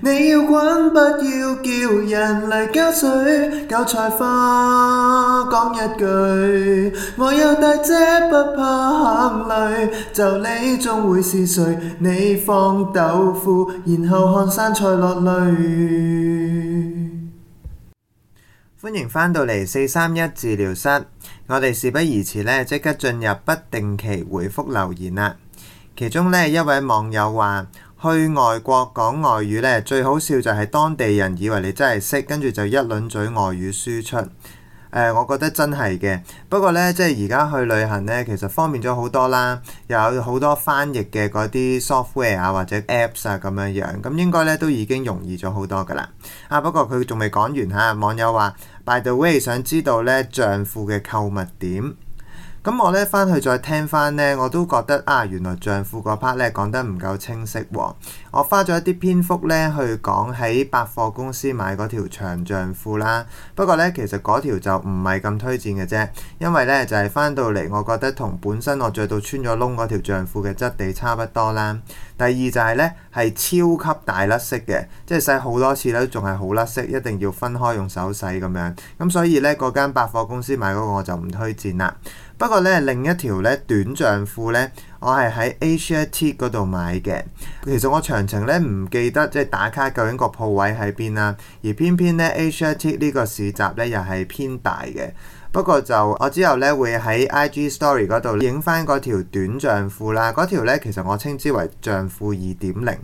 你要滾，不要叫人嚟加水。韭菜花講一句，我有大姐不怕喊累。就你仲會是誰？你放豆腐，然後看山菜落淚。歡迎返到嚟四三一治療室，我哋事不宜遲呢，即刻進入不定期回復留言啦。其中呢一位網友話。去外國講外語呢，最好笑就係當地人以為你真係識，跟住就一輪嘴外語輸出。呃、我覺得真係嘅。不過呢，即係而家去旅行呢，其實方便咗好多啦，又有好多翻譯嘅嗰啲 software 啊或者 apps 啊咁樣樣，咁應該呢都已經容易咗好多噶啦。啊，不過佢仲未講完吓，網友話：by the way 想知道呢帳戶嘅購物點。咁我咧翻去再聽翻呢，我都覺得啊，原來帳褲嗰 part 咧講得唔夠清晰喎。我花咗一啲篇幅咧去講喺百貨公司買嗰條長帳褲啦。不過呢，其實嗰條就唔係咁推薦嘅啫，因為呢就係翻到嚟，我覺得同本身我着到穿咗窿嗰條帳褲嘅質地差不多啦。第二就係呢係超級大甩色嘅，即係洗好多次咧都仲係好甩色，一定要分開用手洗咁樣。咁所以呢，嗰間百貨公司買嗰個我就唔推薦啦。不過咧，另一條咧短丈褲咧，我係喺 Asia t 嗰度買嘅。其實我詳情咧唔記得，即係打卡究竟個鋪位喺邊啦。而偏偏咧 Asia t 呢個市集咧又係偏大嘅。不過就我之後咧會喺 IG Story 嗰度影翻嗰條短丈褲啦。嗰條咧其實我稱之為丈褲二點零。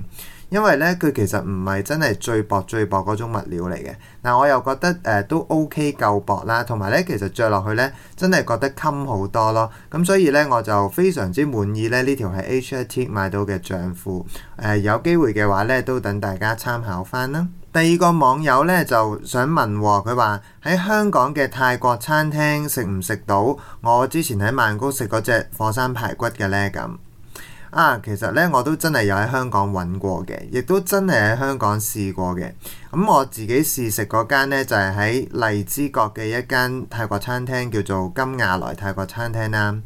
因為呢，佢其實唔係真係最薄最薄嗰種物料嚟嘅。但、呃、我又覺得誒、呃、都 OK 夠薄啦，同埋呢，其實着落去呢，真係覺得襟好多咯。咁所以呢，我就非常之滿意咧呢條係 HIT 買到嘅長褲。誒、呃，有機會嘅話呢，都等大家參考返啦。第二個網友呢，就想問喎，佢話喺香港嘅泰國餐廳食唔食到我之前喺曼谷食嗰隻火山排骨嘅呢？咁。啊，其實呢，我都真係有喺香港揾過嘅，亦都真係喺香港試過嘅。咁、嗯、我自己試食嗰間呢就係、是、喺荔枝角嘅一間泰國餐廳，叫做金亞來泰國餐廳啦。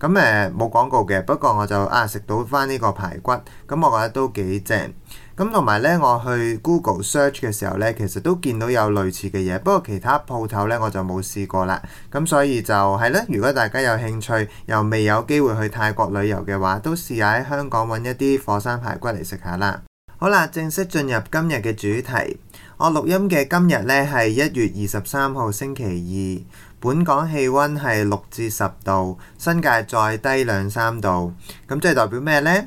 咁誒冇廣告嘅，不過我就啊食到返呢個排骨，咁、嗯、我覺得都幾正。咁同埋呢，我去 Google search 嘅時候呢，其實都見到有類似嘅嘢，不過其他鋪頭呢，我就冇試過啦。咁所以就係啦，如果大家有興趣又未有機會去泰國旅遊嘅話，都試下喺香港揾一啲火山排骨嚟食下啦。好啦，正式進入今日嘅主題。我錄音嘅今日呢係一月二十三號星期二，本港氣温係六至十度，新界再低兩三度。咁即係代表咩呢？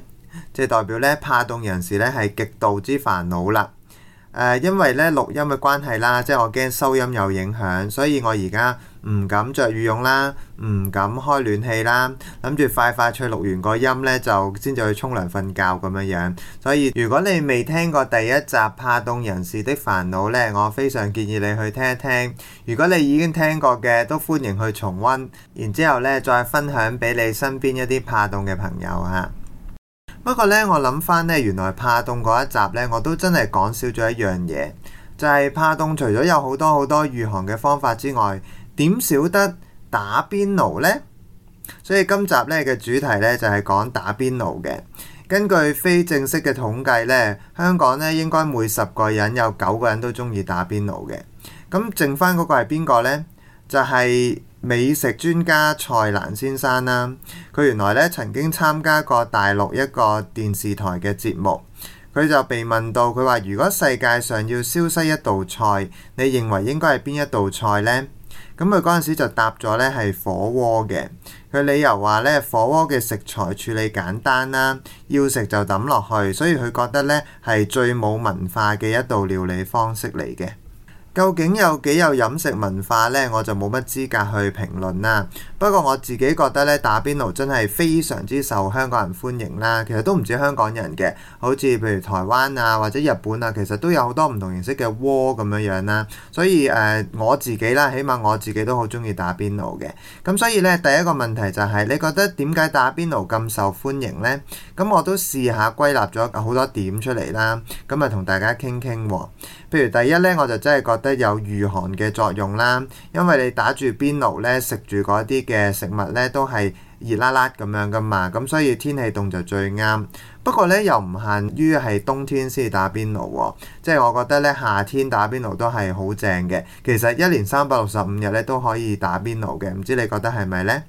即代表咧，怕凍人士咧係極度之煩惱啦。誒、呃，因為咧錄音嘅關係啦，即係我驚收音有影響，所以我而家唔敢着羽絨啦，唔敢開暖氣啦，諗住快快脆錄完個音咧，就先至去沖涼瞓覺咁樣樣。所以如果你未聽過第一集《怕凍人士的煩惱》呢，我非常建議你去聽一聽。如果你已經聽過嘅，都歡迎去重温。然之後呢再分享俾你身邊一啲怕凍嘅朋友嚇。不過呢，我諗返呢，原來怕凍嗰一集呢，我都真係講少咗一樣嘢，就係、是、怕凍除咗有好多好多御寒嘅方法之外，點少得打邊爐呢？所以今集呢嘅主題呢，就係、是、講打邊爐嘅。根據非正式嘅統計呢，香港呢應該每十個人有九個人都中意打邊爐嘅。咁剩返嗰個係邊個呢？就係、是。美食專家蔡瀾先生啦，佢原來咧曾經參加過大陸一個電視台嘅節目，佢就被問到，佢話如果世界上要消失一道菜，你認為應該係邊一道菜呢？咁佢嗰陣時就答咗呢係火鍋嘅，佢理由話呢火鍋嘅食材處理簡單啦，要食就抌落去，所以佢覺得呢係最冇文化嘅一道料理方式嚟嘅。究竟有幾有飲食文化呢？我就冇乜資格去評論啦。不過我自己覺得咧，打邊爐真係非常之受香港人歡迎啦。其實都唔止香港人嘅，好似譬如台灣啊或者日本啊，其實都有好多唔同形式嘅鍋咁樣樣、啊、啦。所以誒、呃，我自己啦，起碼我自己都好中意打邊爐嘅。咁所以呢，第一個問題就係、是、你覺得點解打邊爐咁受歡迎呢？咁我都試下歸納咗好多點出嚟啦。咁啊，同大家傾傾喎。譬如第一呢，我就真係覺得，有御寒嘅作用啦，因為你打住邊爐呢，食住嗰啲嘅食物呢，都係熱辣辣咁樣噶嘛，咁所以天氣凍就最啱。不過呢，又唔限於係冬天先打邊爐喎，即係我覺得呢，夏天打邊爐都係好正嘅。其實一年三百六十五日呢，都可以打邊爐嘅，唔知你覺得係咪呢？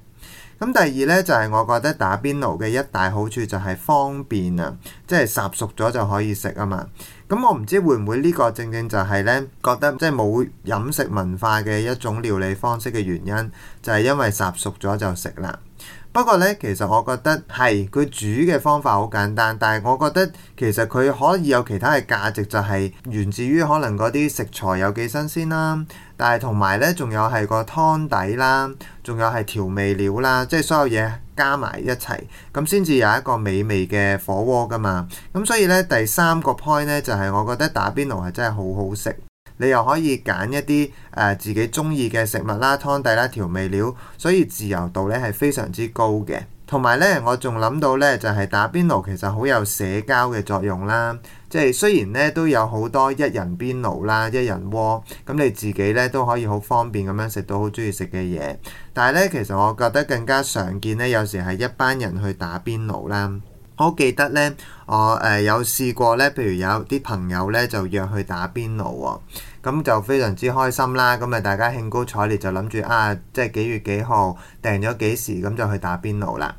咁第二呢，就係我覺得打邊爐嘅一大好處就係方便啊，即係烚熟咗就可以食啊嘛。咁我唔知會唔會呢個正正就係呢，覺得即係冇飲食文化嘅一種料理方式嘅原因，就係、係、因為烚熟咗就食啦。不過呢，其實我覺得係佢煮嘅方法好簡單，但係我覺得其實佢可以有其他嘅價值，就係、是、源自於可能嗰啲食材有幾新鮮啦。但係同埋呢，仲有係個湯底啦，仲有係調味料啦，即係所有嘢加埋一齊咁先至有一個美味嘅火鍋噶嘛。咁所以呢，第三個 point 呢，就係我覺得打邊爐係真係好好食。你又可以揀一啲誒、呃、自己中意嘅食物啦、湯、啊、底啦、啊、調味料，所以自由度呢係非常之高嘅。同埋呢，我仲諗到呢就係、是、打邊爐其實好有社交嘅作用啦。即、就、係、是、雖然呢都有好多一人邊爐啦、一人鍋，咁你自己呢都可以好方便咁樣食到好中意食嘅嘢，但係呢，其實我覺得更加常見呢，有時係一班人去打邊爐啦。我記得呢，我誒、呃、有試過呢，譬如有啲朋友呢就約去打邊爐喎、哦。咁就非常之開心啦，咁咪大家興高采烈就諗住啊，即係幾月幾號訂咗幾時，咁就去打邊爐啦。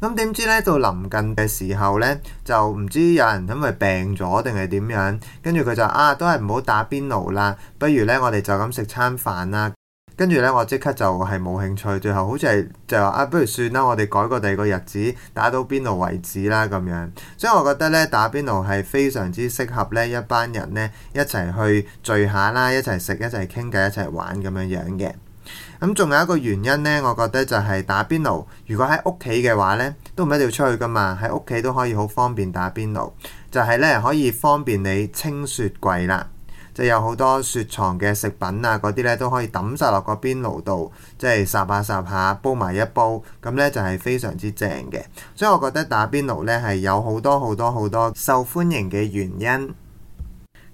咁點知呢，到臨近嘅時候呢，就唔知有人因為病咗定係點樣，跟住佢就啊，都係唔好打邊爐啦，不如呢，我哋就咁食餐飯啦。跟住呢，我即刻就係冇興趣，最後好似係就話啊，不如算啦，我哋改個第二個日子打到邊爐為止啦咁樣。所以我覺得呢，打邊爐係非常之適合呢一班人呢，一齊去聚下啦，一齊食，一齊傾偈，一齊玩咁樣樣嘅。咁、嗯、仲有一個原因呢，我覺得就係打邊爐，如果喺屋企嘅話呢，都唔一定要出去㗎嘛，喺屋企都可以好方便打邊爐，就係、是、呢，可以方便你清雪櫃啦。即係有好多雪藏嘅食品啊，嗰啲呢都可以抌晒落個邊爐度，即係烚下烚下煲埋一煲，咁呢就係、是、非常之正嘅。所以我覺得打邊爐呢係有好多好多好多受歡迎嘅原因。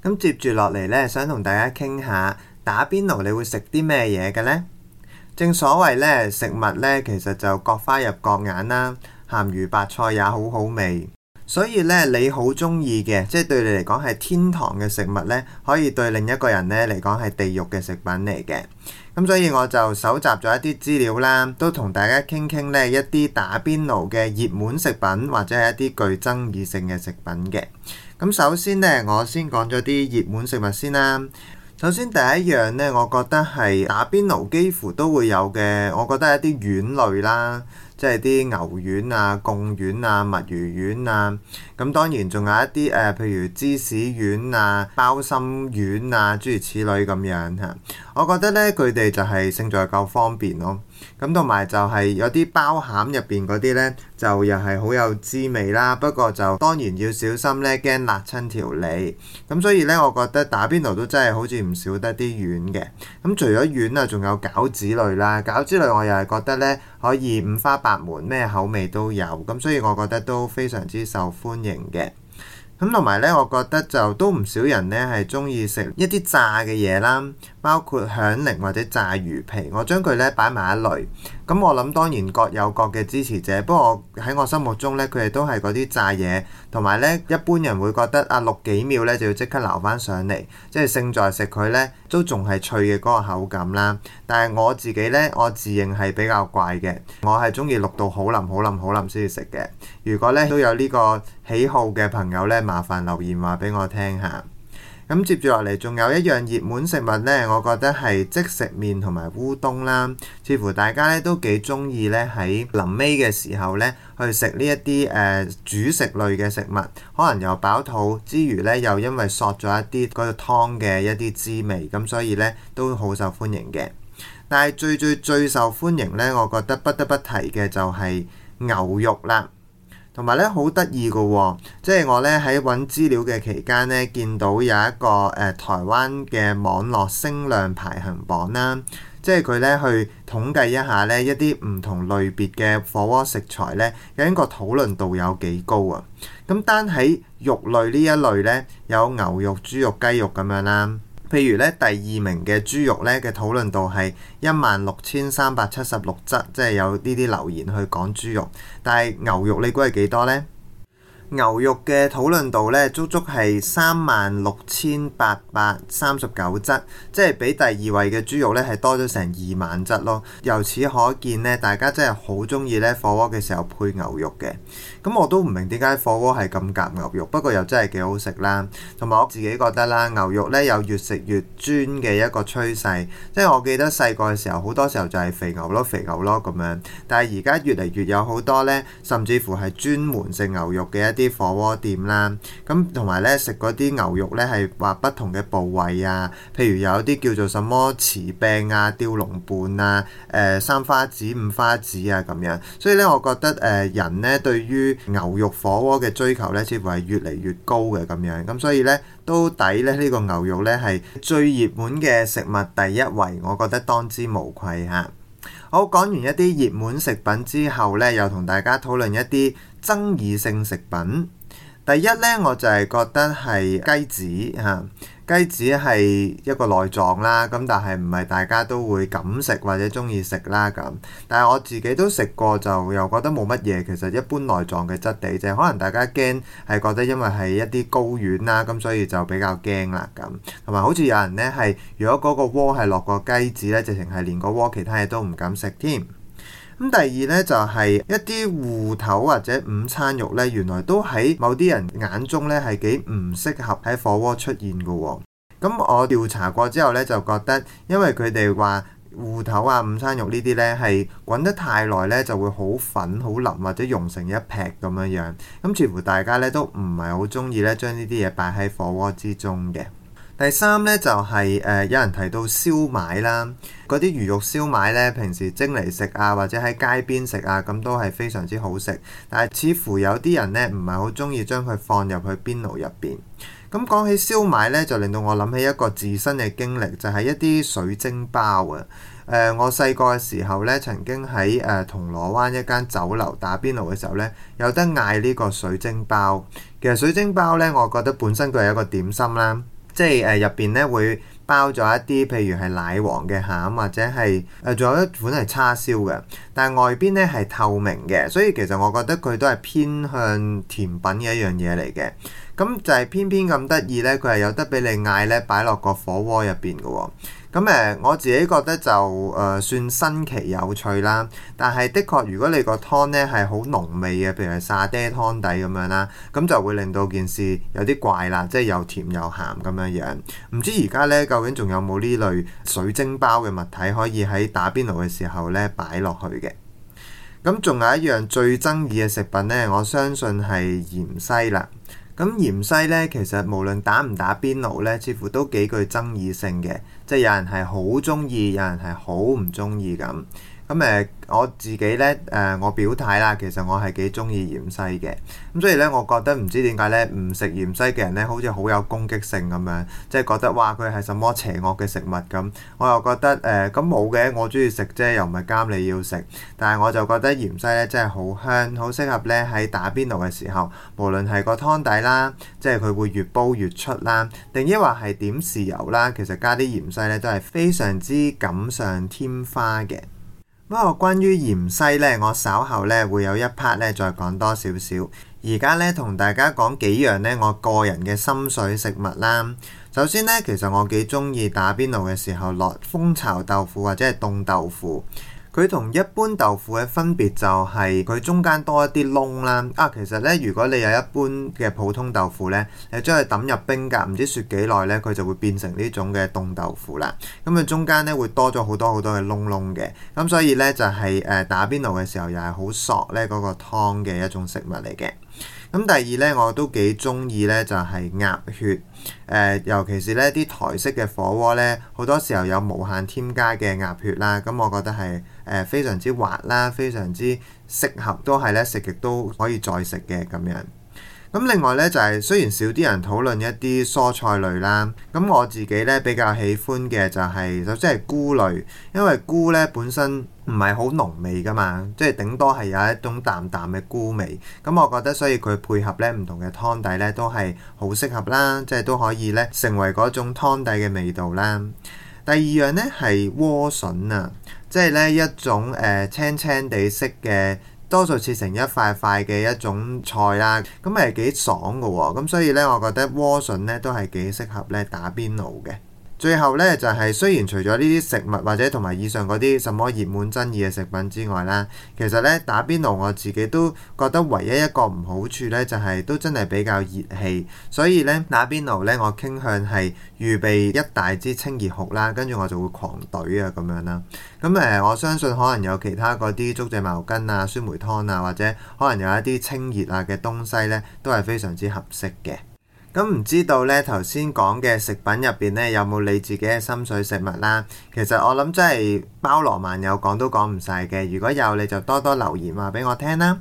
咁接住落嚟呢，想同大家傾下打邊爐，你會食啲咩嘢嘅呢？正所謂呢，食物呢其實就各花入各眼啦，鹹魚白菜也好好味。所以咧，你好中意嘅，即係對你嚟講係天堂嘅食物咧，可以對另一個人咧嚟講係地獄嘅食品嚟嘅。咁所以我就搜集咗一啲資料啦，都同大家傾傾呢一啲打邊爐嘅熱門食品或者係一啲具爭議性嘅食品嘅。咁首先呢，我先講咗啲熱門食物先啦。.首先第一樣呢，我覺得係打邊爐幾乎都會有嘅。我覺得一啲丸類啦，即係啲牛丸啊、貢丸啊、墨魚丸啊，咁當然仲有一啲誒、呃，譬如芝士丸啊、包心丸啊，諸如此類咁樣嚇。我覺得呢，佢哋就係勝在夠方便咯。咁同埋就係有啲包餡入邊嗰啲呢，就又係好有滋味啦。不過就當然要小心呢，驚辣親條脷。咁所以呢，我覺得打邊爐都真係好似唔少得啲丸嘅。咁除咗丸啊，仲有餃子類啦。餃子類我又係覺得呢，可以五花八門，咩口味都有。咁所以我覺得都非常之受歡迎嘅。咁同埋呢，我覺得就都唔少人呢係中意食一啲炸嘅嘢啦。包括響鈴或者炸魚皮，我將佢咧擺埋一類。咁我諗當然各有各嘅支持者，不過喺我，我心目中咧，佢哋都係嗰啲炸嘢，同埋咧一般人會覺得啊，淥幾秒咧就要即刻撈翻上嚟，即係勝在食佢咧都仲係脆嘅嗰個口感啦。但係我自己咧，我自認係比較怪嘅，我係中意淥到好腍好腍好腍先至食嘅。如果咧都有呢個喜好嘅朋友咧，麻煩留言話俾我聽下。咁接住落嚟，仲有一樣熱門食物呢，我覺得係即食麵同埋烏冬啦。似乎大家呢都幾鍾意呢，喺臨尾嘅時候呢，去食呢一啲誒主食類嘅食物，可能又飽肚之餘呢，又因為索咗一啲嗰個湯嘅一啲滋味，咁所以呢都好受歡迎嘅。但係最最最受歡迎呢，我覺得不得不提嘅就係牛肉啦。同埋咧好得意㗎，即係我咧喺揾資料嘅期間咧，見到有一個誒、呃、台灣嘅網絡聲量排行榜啦，即係佢咧去統計一下呢一啲唔同類別嘅火鍋食材呢，有邊個討論度有幾高啊？咁單喺肉類呢一類呢，有牛肉、豬肉、雞肉咁樣啦。譬如咧，第二名嘅豬肉咧嘅討論度係一萬六千三百七十六則，即係有呢啲留言去講豬肉，但係牛肉你估係幾多咧？牛肉嘅討論度呢，足足係三萬六千八百三十九隻，即係比第二位嘅豬肉呢係多咗成二萬隻咯。由此可見呢，大家真係好中意呢火鍋嘅時候配牛肉嘅。咁我都唔明點解火鍋係咁夾牛肉，不過又真係幾好食啦。同埋我自己覺得啦，牛肉呢有越食越專嘅一個趨勢。即係我記得細個嘅時候，好多時候就係肥牛咯、肥牛咯咁樣。但係而家越嚟越有好多呢，甚至乎係專門食牛肉嘅一啲火鍋店啦，咁同埋呢食嗰啲牛肉呢，係話不同嘅部位啊，譬如有啲叫做什麼匙柄啊、吊龍伴啊、誒、呃、三花趾、五花趾啊咁樣，所以呢，我覺得誒、呃、人呢對於牛肉火鍋嘅追求呢，似乎係越嚟越高嘅咁樣，咁所以呢，都抵咧呢、呢個牛肉呢係最熱門嘅食物第一位，我覺得當之無愧吓、啊。好，講完一啲熱門食品之後呢，又同大家討論一啲。爭議性食品，第一呢，我就係覺得係雞子啊，雞子係一個內臟啦，咁但係唔係大家都會敢食或者中意食啦咁。但係我自己都食過，就又覺得冇乜嘢，其實一般內臟嘅質地啫，就係、可能大家驚係覺得因為係一啲睪丸啦，咁所以就比較驚啦咁。同埋好似有人呢，係，如果嗰個鍋係落個雞子呢，直情係連個鍋其他嘢都唔敢食添。咁第二呢，就係、是、一啲芋頭或者午餐肉呢，原來都喺某啲人眼中呢，係幾唔適合喺火鍋出現嘅、哦。咁、嗯、我調查過之後呢，就覺得因為佢哋話芋頭啊、午餐肉呢啲呢，係滾得太耐呢，就會好粉好腍或者溶成一劈咁樣樣。咁、嗯、似乎大家呢，都唔係好中意呢，將呢啲嘢擺喺火鍋之中嘅。第三呢，就係、是、誒有人提到燒賣啦，嗰啲魚肉燒賣呢，平時蒸嚟食啊，或者喺街邊食啊，咁都係非常之好食。但係似乎有啲人呢，唔係好中意將佢放入去邊爐入邊。咁講起燒賣呢，就令到我諗起一個自身嘅經歷，就係、是、一啲水晶包啊。誒、呃，我細個嘅時候呢，曾經喺誒、呃、銅鑼灣一間酒樓打邊爐嘅時候呢，有得嗌呢個水晶包。其實水晶包呢，我覺得本身佢係一個點心啦。即係誒入邊咧會包咗一啲，譬如係奶黃嘅餡，或者係誒仲有一款係叉燒嘅，但係外邊咧係透明嘅，所以其實我覺得佢都係偏向甜品嘅一樣嘢嚟嘅。咁就係偏偏咁得意咧，佢係有得俾你嗌咧，擺落個火鍋入邊嘅喎。咁誒，我自己覺得就誒、呃、算新奇有趣啦。但係的確，如果你個湯呢係好濃味嘅，譬如係沙爹湯底咁樣啦，咁就會令到件事有啲怪啦，即係又甜又鹹咁樣樣。唔知而家呢，究竟仲有冇呢類水晶包嘅物體可以喺打邊爐嘅時候呢擺落去嘅？咁仲有一樣最爭議嘅食品呢，我相信係芫荽啦。咁芫荽咧，其實無論打唔打邊爐咧，似乎都幾具爭議性嘅，即係有人係好中意，有人係好唔中意咁。咁誒、嗯、我自己呢，誒、呃，我表態啦。其實我係幾中意芫荽嘅咁，所以呢，我覺得唔知點解呢，唔食芫荽嘅人呢，好似好有攻擊性咁樣，即係覺得哇佢係什麼邪惡嘅食物咁。我又覺得誒咁冇嘅，我中意食啫，又唔係監你要食。但係我就覺得芫荽呢，真係好香，好適合呢喺打邊爐嘅時候，無論係個湯底啦，即係佢會越煲越出啦，定抑或係點豉油啦，其實加啲芫荽呢，都係非常之錦上添花嘅。不過，關於芫荽呢，我稍後呢會有一 part 呢再講多少少。而家呢，同大家講幾樣呢，我個人嘅心水食物啦。首先呢，其實我幾鍾意打邊爐嘅時候落蜂巢豆腐或者係凍豆腐。佢同一般豆腐嘅分別就係佢中間多一啲窿啦。啊，其實呢，如果你有一般嘅普通豆腐呢，你將佢抌入冰格，唔知雪幾耐呢，佢就會變成呢種嘅凍豆腐啦。咁佢中間呢會多咗好多好多嘅窿窿嘅。咁所以呢，就係誒打邊爐嘅時候又係好索呢嗰個湯嘅一種食物嚟嘅。咁第二呢，我都幾中意呢，就係鴨血誒，尤其是呢啲台式嘅火鍋呢，好多時候有無限添加嘅鴨血啦。咁我覺得係。誒非常之滑啦，非常之適合，都係咧食極都可以再食嘅咁樣。咁另外呢就係雖然少啲人討論一啲蔬菜類啦，咁我自己呢比較喜歡嘅就係首先係菇類，因為菇呢本身唔係好濃味噶嘛，即係頂多係有一種淡淡嘅菇味。咁我覺得所以佢配合呢唔同嘅湯底呢都係好適合啦，即係都可以呢成為嗰種湯底嘅味道啦。第二樣呢係萵筍啊，即係呢一種誒、呃、青青地色嘅，多數切成一塊一塊嘅一種菜啦，咁係幾爽嘅喎、哦，咁所以呢，我覺得萵筍呢都係幾適合呢打邊爐嘅。最後呢，就係、是、雖然除咗呢啲食物或者同埋以上嗰啲什麼熱門爭議嘅食品之外啦，其實呢，打邊爐我自己都覺得唯一一個唔好處呢，就係、是、都真係比較熱氣，所以呢，打邊爐呢，我傾向係預備一大支清熱酷啦，跟住我就會狂懟啊咁樣啦。咁誒、呃、我相信可能有其他嗰啲竹蔗茅根啊、酸梅湯啊，或者可能有一啲清熱啊嘅東西呢，都係非常之合適嘅。咁唔知道咧，頭先講嘅食品入邊咧，有冇你自己嘅心水食物啦？其實我諗真係包羅萬有，講都講唔晒嘅。如果有，你就多多留言話俾我聽啦。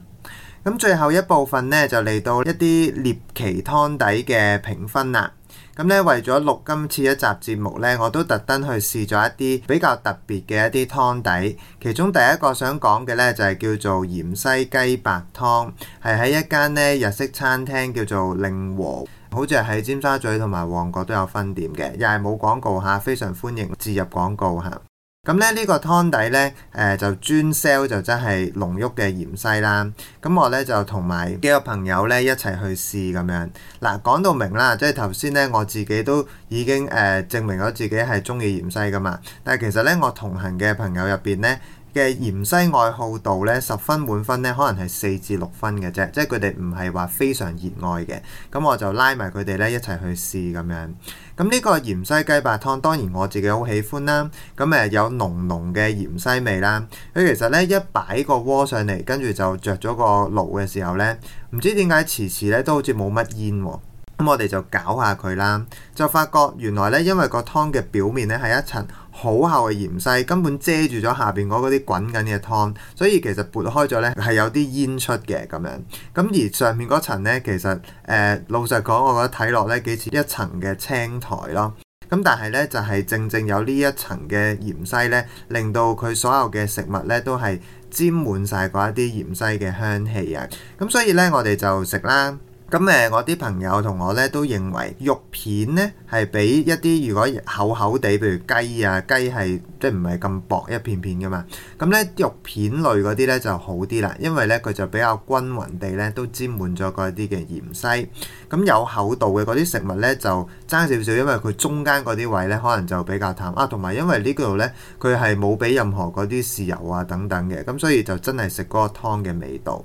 咁最後一部分咧，就嚟到一啲獵奇湯底嘅評分啦。咁咧，為咗錄今次一集節目咧，我都特登去試咗一啲比較特別嘅一啲湯底，其中第一個想講嘅咧就係叫做芫茜雞白湯，係喺一間咧日式餐廳叫做令和。好似喺尖沙咀同埋旺角都有分店嘅，又係冇廣告嚇，非常歡迎置入廣告嚇。咁咧呢個湯底呢，誒、呃、就專 sell 就真係濃郁嘅芫荽啦。咁、嗯、我呢，就同埋幾個朋友呢，一齊去試咁樣嗱，講、啊、到明啦，即係頭先呢，我自己都已經誒、呃、證明咗自己係中意芫荽噶嘛，但係其實呢，我同行嘅朋友入邊呢。嘅芫荽愛好度咧十分滿分咧，可能係四至六分嘅啫，即係佢哋唔係話非常熱愛嘅。咁我就拉埋佢哋咧一齊去試咁樣。咁呢個芫荽雞白湯當然我自己好喜歡啦。咁誒有濃濃嘅芫荽味啦。佢其實咧一擺個鍋上嚟，跟住就着咗個爐嘅時候咧，唔知點解遲遲咧都好似冇乜煙喎啊。咁我哋就搞下佢啦，就發覺原來咧因為個湯嘅表面咧係一層。好厚嘅芫荽根本遮住咗下邊嗰啲滾緊嘅湯，所以其實撥開咗呢係有啲煙出嘅咁樣。咁而上面嗰層呢，其實誒、呃、老實講，我覺得睇落呢幾似一層嘅青苔咯。咁但係呢，就係、是、正正有呢一層嘅芫荽呢，令到佢所有嘅食物呢都係沾滿晒嗰一啲芫荽嘅香氣啊。咁所以呢，我哋就食啦。咁誒、嗯，我啲朋友同我咧都認為肉片咧係比一啲如果厚厚地，譬如雞啊雞係即係唔係咁薄一片片嘅嘛。咁、嗯、咧肉片類嗰啲咧就好啲啦，因為咧佢就比較均勻地咧都沾滿咗嗰啲嘅芫荽。咁、嗯、有厚度嘅嗰啲食物咧就爭少少，因為佢中間嗰啲位咧可能就比較淡啊。同埋因為呢度咧佢係冇俾任何嗰啲豉油啊等等嘅，咁、嗯、所以就真係食嗰個湯嘅味道。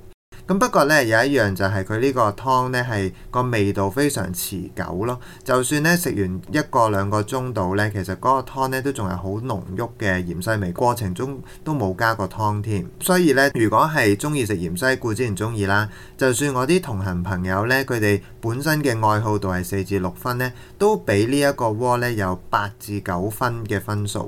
咁不過咧有一樣就係佢呢個湯呢係個味道非常持久咯，就算咧食完一個兩個鐘度呢，其實嗰個湯咧都仲係好濃郁嘅芫荽味，過程中都冇加過湯添。所以呢，如果係中意食芫荽，固之然中意啦。就算我啲同行朋友呢，佢哋本身嘅愛好度係四至六分呢，都俾呢一個鍋呢有八至九分嘅分數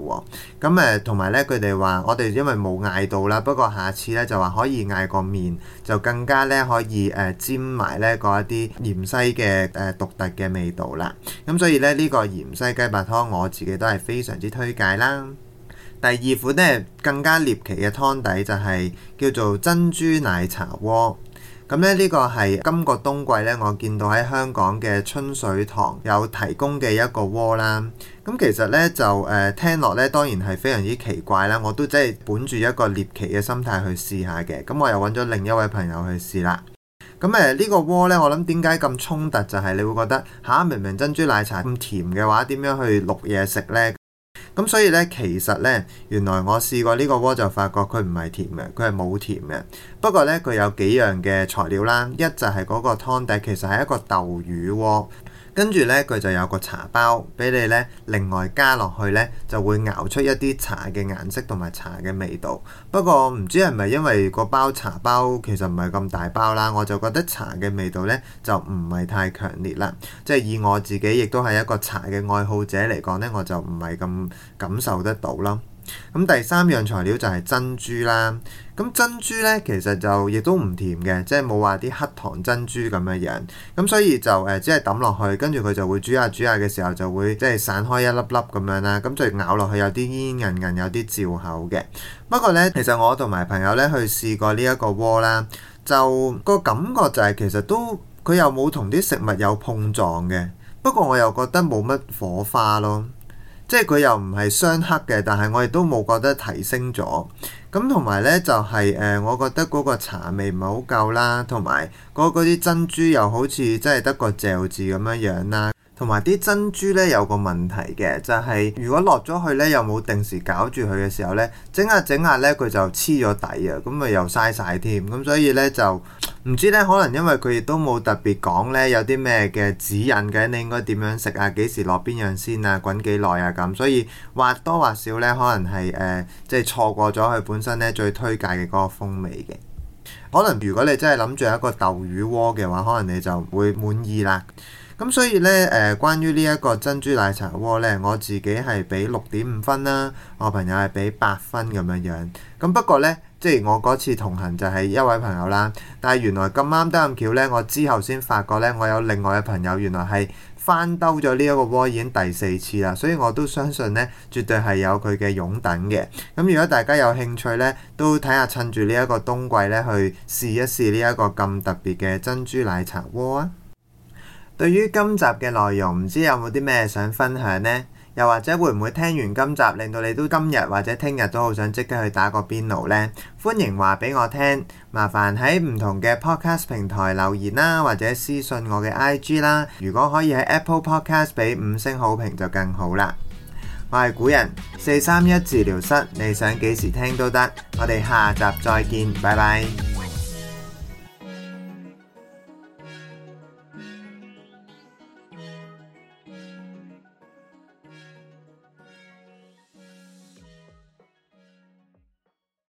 喎。咁誒，同埋呢，佢哋話我哋因為冇嗌到啦，不過下次呢，就話可以嗌個麵就更加咧可以誒沾埋咧嗰一啲芫茜嘅誒獨特嘅味道啦，咁所以咧呢個芫茜雞白湯我自己都係非常之推介啦。第二款咧更加獵奇嘅湯底就係叫做珍珠奶茶鍋。咁咧呢個係今個冬季呢，我見到喺香港嘅春水堂有提供嘅一個鍋啦。咁其實呢，就誒、呃、聽落呢，當然係非常之奇怪啦。我都即係本住一個獵奇嘅心態去試下嘅。咁我又揾咗另一位朋友去試啦。咁誒呢個鍋呢，我諗點解咁衝突？就係、是、你會覺得「吓、啊，明明珍珠奶茶咁甜嘅話，點樣去淥嘢食呢？」咁所以呢，其實呢，原來我試過呢個鍋就發覺佢唔係甜嘅，佢係冇甜嘅。不過呢，佢有幾樣嘅材料啦，一就係嗰個湯底，其實係一個豆乳鍋。跟住呢，佢就有個茶包俾你呢，另外加落去呢，就會熬出一啲茶嘅顏色同埋茶嘅味道。不過唔知係咪因為個包茶包其實唔係咁大包啦，我就覺得茶嘅味道呢就唔係太強烈啦。即係以我自己亦都係一個茶嘅愛好者嚟講呢，我就唔係咁感受得到啦。咁第三樣材料就係珍珠啦。咁珍珠呢，其實就亦都唔甜嘅，即係冇話啲黑糖珍珠咁嘅樣。咁所以就誒、呃，只係抌落去，跟住佢就會煮下煮下嘅時候就會即係散開一粒粒咁樣啦。咁就咬落去有啲煙煙韌韌，有啲嚼口嘅。不過呢，其實我同埋朋友呢去試過呢一個鍋啦，就個感覺就係其實都佢又冇同啲食物有碰撞嘅。不過我又覺得冇乜火花咯。即係佢又唔係雙黑嘅，但係我亦都冇覺得提升咗。咁同埋呢，就係、是、誒、呃，我覺得嗰個茶味唔係好夠啦，同埋嗰啲珍珠又好似真係得個嚼字咁樣樣啦。同埋啲珍珠呢，有個問題嘅，就係、是、如果落咗去呢，又冇定時攪住佢嘅時候呢，整下整下呢，佢就黐咗底啊，咁咪又嘥晒添。咁所以呢，就。唔知呢，可能因為佢亦都冇特別講呢，有啲咩嘅指引嘅，你應該點樣食啊？幾時落邊樣先啊？滾幾耐啊？咁，所以或多或少呢，可能係誒，即係錯過咗佢本身呢，最推介嘅嗰個風味嘅。可能如果你真係諗住一個豆乳鍋嘅話，可能你就會滿意啦。咁所以呢，誒，關於呢一個珍珠奶茶鍋呢，我自己係俾六點五分啦，我朋友係俾八分咁樣樣。咁不過呢。即係我嗰次同行就係一位朋友啦，但係原來咁啱得咁巧呢，我之後先發覺呢，我有另外嘅朋友原來係翻兜咗呢一個窩已經第四次啦，所以我都相信呢，絕對係有佢嘅擁躉嘅。咁如果大家有興趣呢，都睇下趁住呢一個冬季呢，去試一試呢一個咁特別嘅珍珠奶茶窩啊！對於今集嘅內容，唔知有冇啲咩想分享呢？又或者會唔會聽完今集，令到你都今日或者聽日都好想即刻去打個邊爐呢？歡迎話俾我聽，麻煩喺唔同嘅 podcast 平台留言啦，或者私信我嘅 IG 啦。如果可以喺 Apple Podcast 俾五星好評就更好啦。我係古人四三一治療室，你想幾時聽都得，我哋下集再見，拜拜。